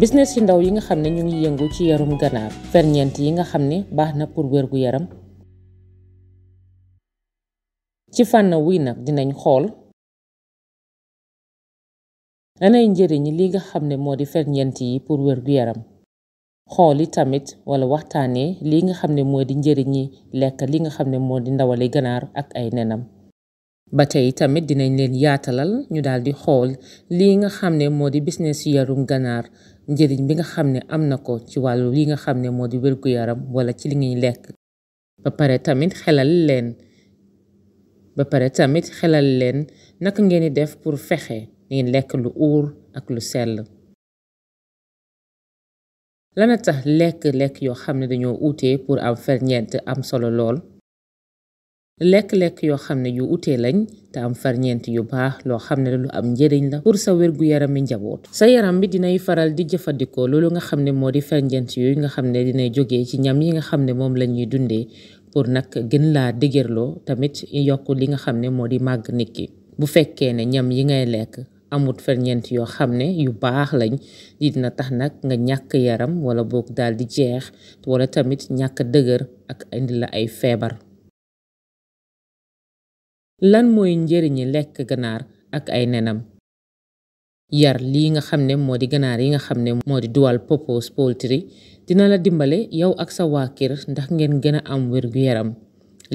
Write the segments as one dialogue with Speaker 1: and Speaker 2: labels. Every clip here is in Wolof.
Speaker 1: business yi ndaw yi nga xam ne ñu ngi yëngu ci yarum ganaar ferñeent yi nga xam ne baax na pour gu yaram ci fànn wi nag dinañ xool lanay njëriñ li nga xam ne moo di ferñeent yi pour wérgu yaram xool tamit wala waxtaanee li nga xam ne moo di njëriñi lekk li nga xam ne moo di ndawali ganaar ak ay nenam ba tey tamit dinañ leen yaatalal ñu daal di xool li nga xam ne moo di business yarum ganaar njëriñ bi nga xam ne am na ko ci wàllu li nga xam ne moo di wér-gu-yaram wala ci li ngay lekk ba pare tamit xelal leen ba pare tamit xelal leen naka ngeen di def pour fexe ngeen lekk lu uur ak lu sell lana tax lekk lekk yoo xam ne dañoo uute pour am ferñeent am solo lool lekk-lekk yoo xam ne yu utee lañ te am farñeent yu baax loo xam ne lu am njëriñ la pour sa wér-gu-yarami njaboot sa yaram bi dinay faral di jëfandikoo loolu nga xam ne moo di farñeent yooyu nga xam ne dinay jógee ci ñam yi nga xam ne moom la ñuy dundee pour nag gën laa dëgërloo tamit yokk li nga xam ne moo di màgg nit ki bu fekkee ne ñam yi ngay lekk amut ferñeent yoo xam ne yu baax lañ di dina tax nag nga ñàkk yaram wala boog daal di jeex wala tamit ñàkk dëgër ak indi la ay feebar lan mooy njëriñi lekk ganaar ak ay nenam yar lii nga xam ne moo di ganaar yi nga xam ne moo di duwal purpose poultry dina la dimbale yow ak sa waa kër ndax ngeen gën a am wér-gu-yaram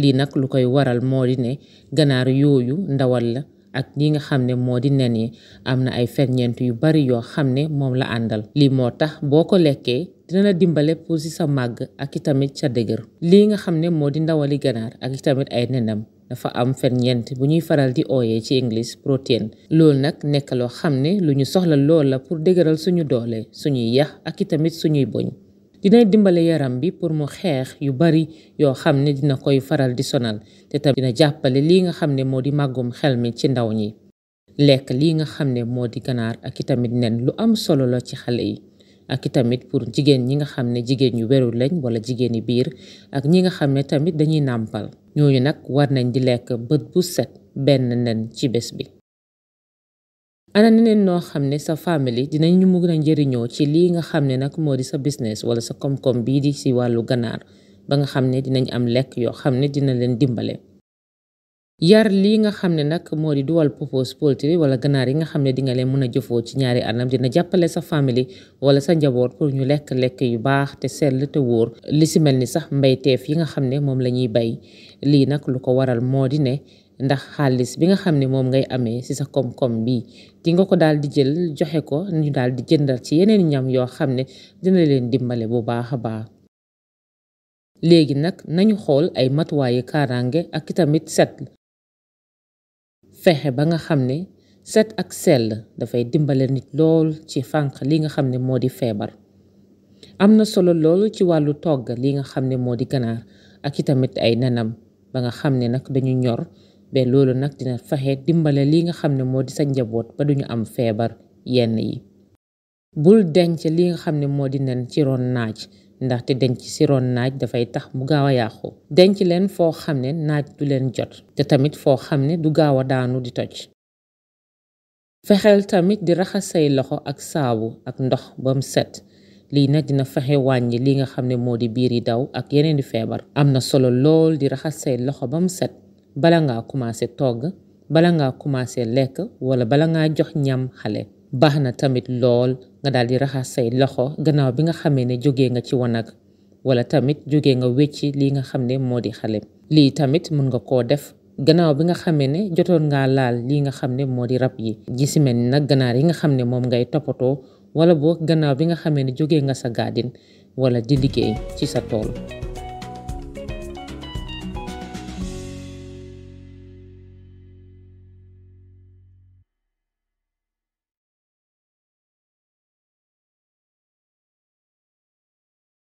Speaker 1: lii nag lu koy waral moo di ne ganaar yooyu ndawal la ak li nga xam ne moo di nen yi am na ay ferñeent yu bari yoo xam ne moom la àndal lii moo tax boo ko lekkee dina la dimbale pour si sa màgg ak itamit ca dëgër lii nga xam ne moo di ndawali ganaar ak itamit ay nenam dafa am ferñeent bu ñuy faral di ooyee ci english protéine loolu nag nekk loo xam ne lu ñu soxla lool la pour dëgëral suñu doole suñuy yax ak itamit suñuy boñ dina dimbale yaram bi pour mu xeex yu bari yoo xam ne dina koy faral di sonal te tam dina jàppale lii nga xam ne moo di màggum xel mi ci ndaw ñi lekk lii nga xam ne moo di ganaar ak itamit nen lu am solo la ci xale yi ak i tamit pour jigéen ñi nga xam ne jigéen ñu werul lañ wala jigéeni biir ak ñi nga xam ne tamit dañuy nàmpal ñooñu nag war nañ di lekk bët bu set benn nen ci bés bi ana neneen noo xam ne sa famille dinañ ñu mën a njëriñoo ci lii nga xam ne nag moo di sa business wala sa koom-koom bii di si wàllu ganaar ba nga xam ne dinañ am lekk yoo xam ne dina leen dimbale yar lii nga xam ne nag moo di dual purpose poultry wala ganaar yi nga xam ne di nga leen mën a jëfoo ci ñaari anam dina jàppale sa famille wala sa njaboot pour ñu lekk lekk yu baax te sell te wóor li si mel ni sax mbayteef yi nga xam ne moom la ñuy bay lii nag lu ko waral moo di ne ndax xaalis bi nga xam ne moom ngay amee ci sa koom-koom bii di nga ko daal di jël joxe ko ñu daal di jëndal ci yeneen ñam yoo xam ne dina leen dimbale bu baax a baax léegi nag nañu xool ay matuwaayu kaaraange ak itamit set fexe ba nga xam ne set ak sell dafay dimbale nit lool ci fànq li nga xam ne moo di feebar am na solo loolu ci wàllu togg li nga xam ne moo di ganaar ak itamit ay nenam ba nga xam ne nag dañu ñor ba loolu nag dina fexe dimbale li nga xam ne moo di sa njaboot ba duñu am feebar yenn yi bul denc li nga xam ne moo di nen ci ron naaj ndaxte denc si ron naaj dafay tax mu gaaw a yàqu denc leen foo xam ne naaj du leen jot te tamit foo xam ne du gaaw a daanu di toj fexeel tamit di raxas say loxo ak saabu ak ndox ba mu set lii nag dina fexe wàññi li nga xam ne moo di biir yi daw ak yeneen di feebar am na solo lool di raxas say loxo ba mu set bala ngaa commencé togg bala ngaa commencé lekk wala bala ngaa jox ñam xale baax na tamit lool nga daal di raxas say loxo gannaaw bi nga xamee ne jóge nga ci wanag wala tamit jóge nga wecci lii nga xam ne moo di xale lii tamit mën nga koo def gannaaw bi nga xamee ne jotoon ngaa laal lii nga xam ne moo di rab yi ji si mel nag ganaar yi nga xam ne moom ngay toppatoo wala boog gannaaw bi nga xamee ne jóge nga sa gaadin wala di liggéey ci sa tool